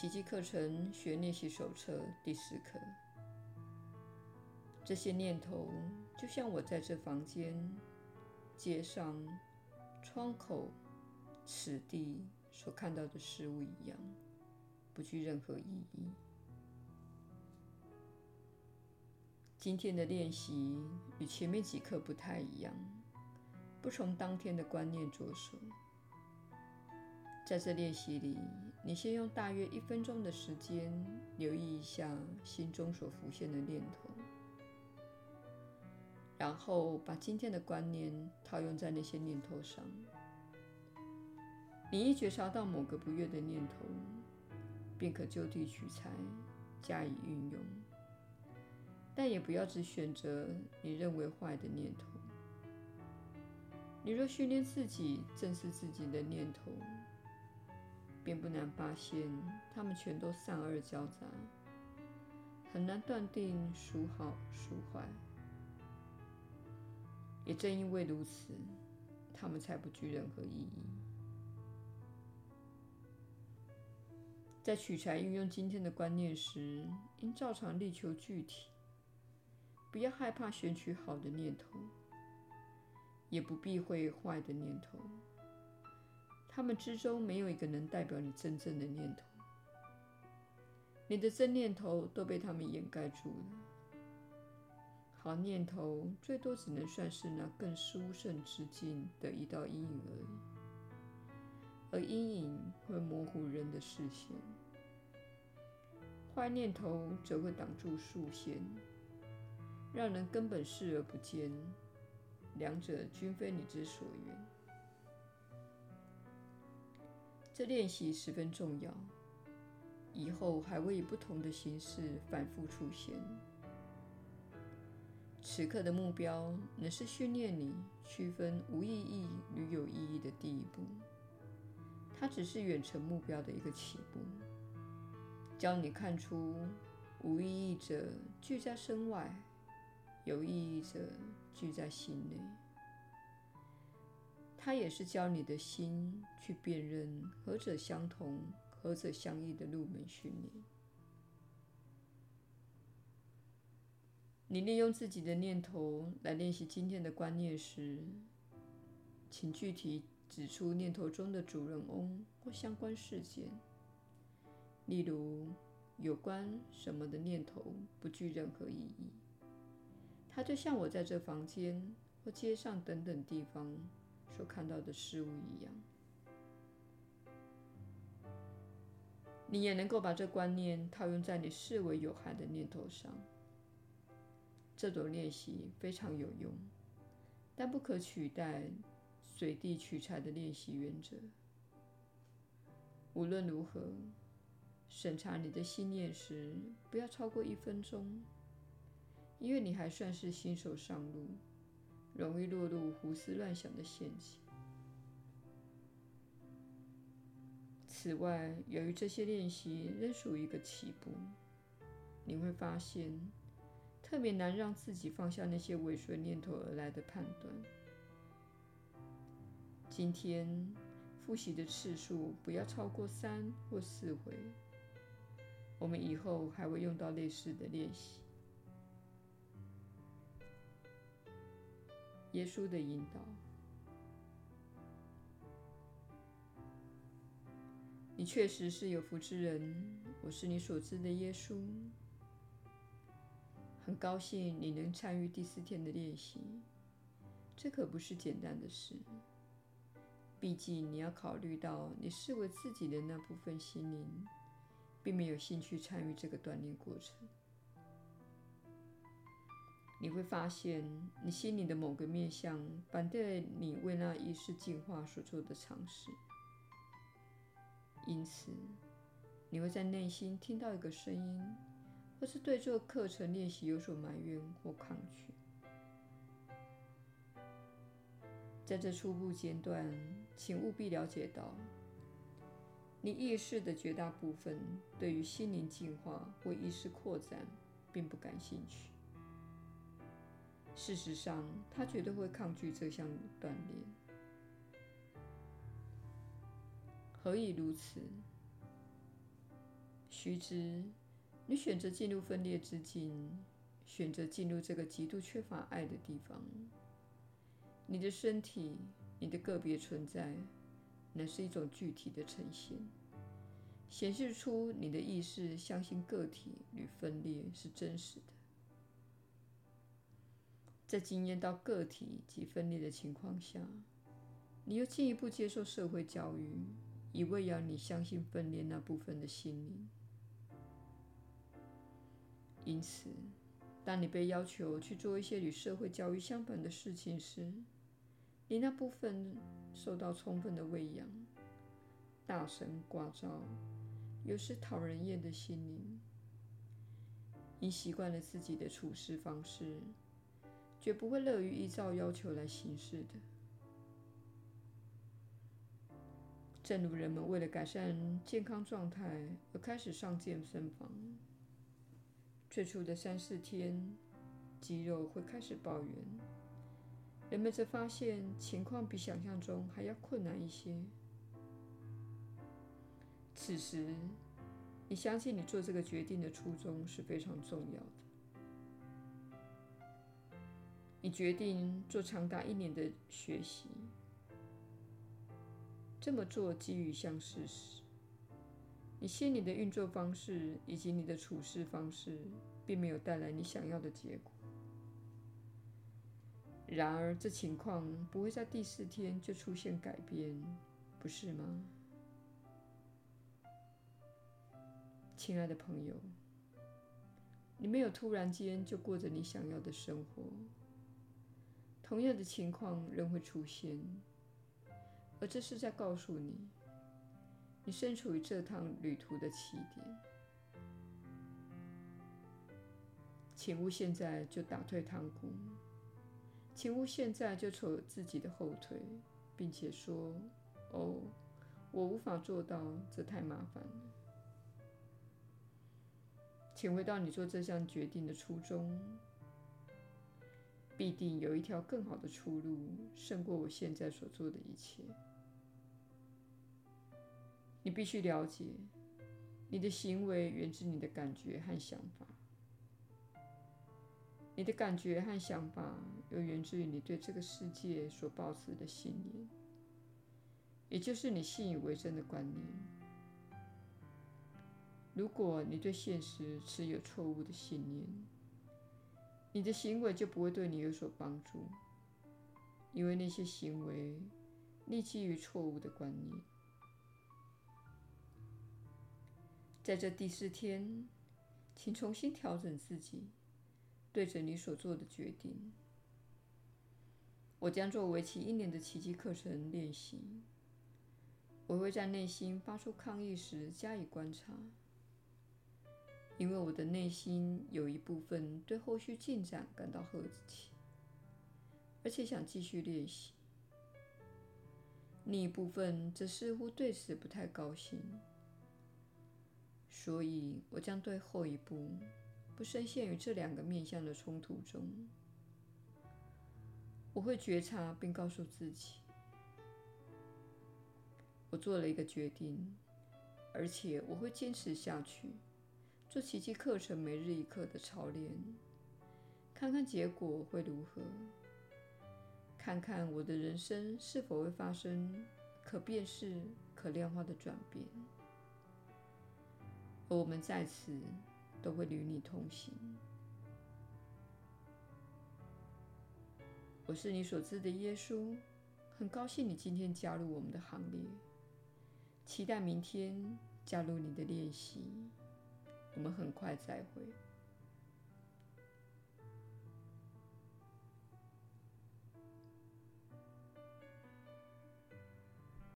奇蹟課程學練習手冊第四課。這些念頭就像我在這房間、街上、窗口、此地所看到的事物一樣，不具任何意義。今天的練習與前面幾課不太一樣，不從當天的觀念着手，在這練習裡。你先用大約一分鐘的時間，留意一下心中所浮現的念頭，然後把今天的觀念套用在那些念頭上。你一覺察到某個不悅的念頭，便可就地取材加以運用，但也不要只選擇你認為壞的念頭。你若訓練自己正視自己的念頭。便不難發現，他們全都善惡交雜，很難斷定孰好孰壞。也正因為如此，他們才不具任何意義。在取材運用今天的觀念時，應照常力求具體，不要害怕選取好的念頭，也不避諱壞的念頭。他們之中沒有一個能代表你真正的念頭，你的真念頭都被他們掩蓋住了。好念頭最多只能算是那更殊勝之境的一道陰影而已，而陰影會模糊人的視線；壞念頭則會擋住視線，讓人根本視而不見。兩者均非你之所願。這練習十分重要，以後還會以不同的形式反覆出現。此刻的目標，乃是訓練你區分無意義與有意義的第一步。它只是遠程目標的一個起步，教你看出無意義者聚在身外，有意義者聚在心內。他也是教你的心去辨認何者相同、何者相異的入門訓練。你利用自己的念頭來練習今天的觀念時，請具體指出念頭中的主人翁或相關事件，例如有關什麼的念頭不具任何意義。它就像我在這房間或街上等等地方，看到的事物一樣，你也能夠把這觀念套用在你視為有害的念頭上。這種練習非常有用，但不可取代隨地取材的練習原則。無論如何，審查你的信念時，不要超過一分鐘，因為你還算是新手上路，容易落入胡思亂想的陷阱。此外，由於這些練習仍屬於一個起步，你會發現特別難讓自己放下那些尾隨念頭而來的判斷。今天複習的次數不要超過三或四回。我們以後還會用到類似的練習。耶穌的引導。你確實是有福之人。我是你所知的耶穌，很高興你能參與第四天的練習。這可不是簡單的事，畢竟你要考慮到你視為自己的那部分心靈，並沒有興趣參與這個鍛鍊過程。你會發現，你心裡的某個面向反對你為那意識進化所做的嘗試，因此你會在內心聽到一個聲音，或是對這個課程練習有所埋怨或抗拒。在這初步階段，請務必了解到，你意識的絕大部分對於心靈進化或意識擴展並不感興趣。事實上，他絕對會抗拒這項鍛鍊。何以如此？須知，你選擇進入分裂之境，選擇進入這個極度缺乏愛的地方，你的身體、你的個別存在，乃是一種具體的呈現，顯示出你的意識相信個體與分裂是真實的。在經驗到個體及分裂的情況下，你又進一步接受社會教育，以餵養你相信分裂那部分的心靈。因此，當你被要求去做一些與社會教育相反的事情時，你那部分受到充分的餵養、大聲聒噪、有時討人厭的心靈，已習慣了自己的處事方式，絕不會樂於依照要求來行事的。正如人們為了改善健康狀態而開始上健身房，最初的三四天，肌肉會開始抱怨，人們則發現情況比想象中還要困難一些。此時，你相信你做這個決定的初衷是非常重要的。你決定做長達一年的學習，這麼做基於一項事實，你心理的運作方式以及你的處事方式，並沒有帶來你想要的結果。然而，這情況不會在第四天就出現改變，不是嗎？親愛的朋友，你沒有突然間就過着你想要的生活。同樣的情況仍會出現，而這是在告訴你，你身處於這趟旅途的起點。請勿現在就打退堂鼓，請勿現在就扯自己的後腿，並且說：“哦，我無法做到，這太麻煩了。”請回到你做這項決定的初衷。必定有一條更好的出路，勝過我現在所做的一切。你必須了解，你的行為源自你的感覺和想法。你的感覺和想法又源自於你對這個世界所抱持的信念，也就是你信以為真的觀念。如果你對現實持有錯誤的信念，你的行為就不會對你有所幫助，因為那些行為立基於錯誤的觀念。在這第四天，請重新調整自己，對着你所做的決定。我將做為期一年的奇蹟課程練習。我會在內心發出抗議時加以觀察。因為我的內心有一部分對後續進展感到好奇，而且想繼續練習；另一部分則似乎對此不太高興。所以，我將對後一步不深陷於這兩個面向的衝突中。我會覺察並告訴自己，我做了一個決定，而且我會堅持下去。做奇蹟課程每日一課的操練，看看結果會如何？看看我的人生是否會發生可辨識、可量化的轉變？而我們在此都會與你同行。我是你所知的耶穌，很高興你今天加入我們的行列，期待明天加入你的練習。我們很快再會。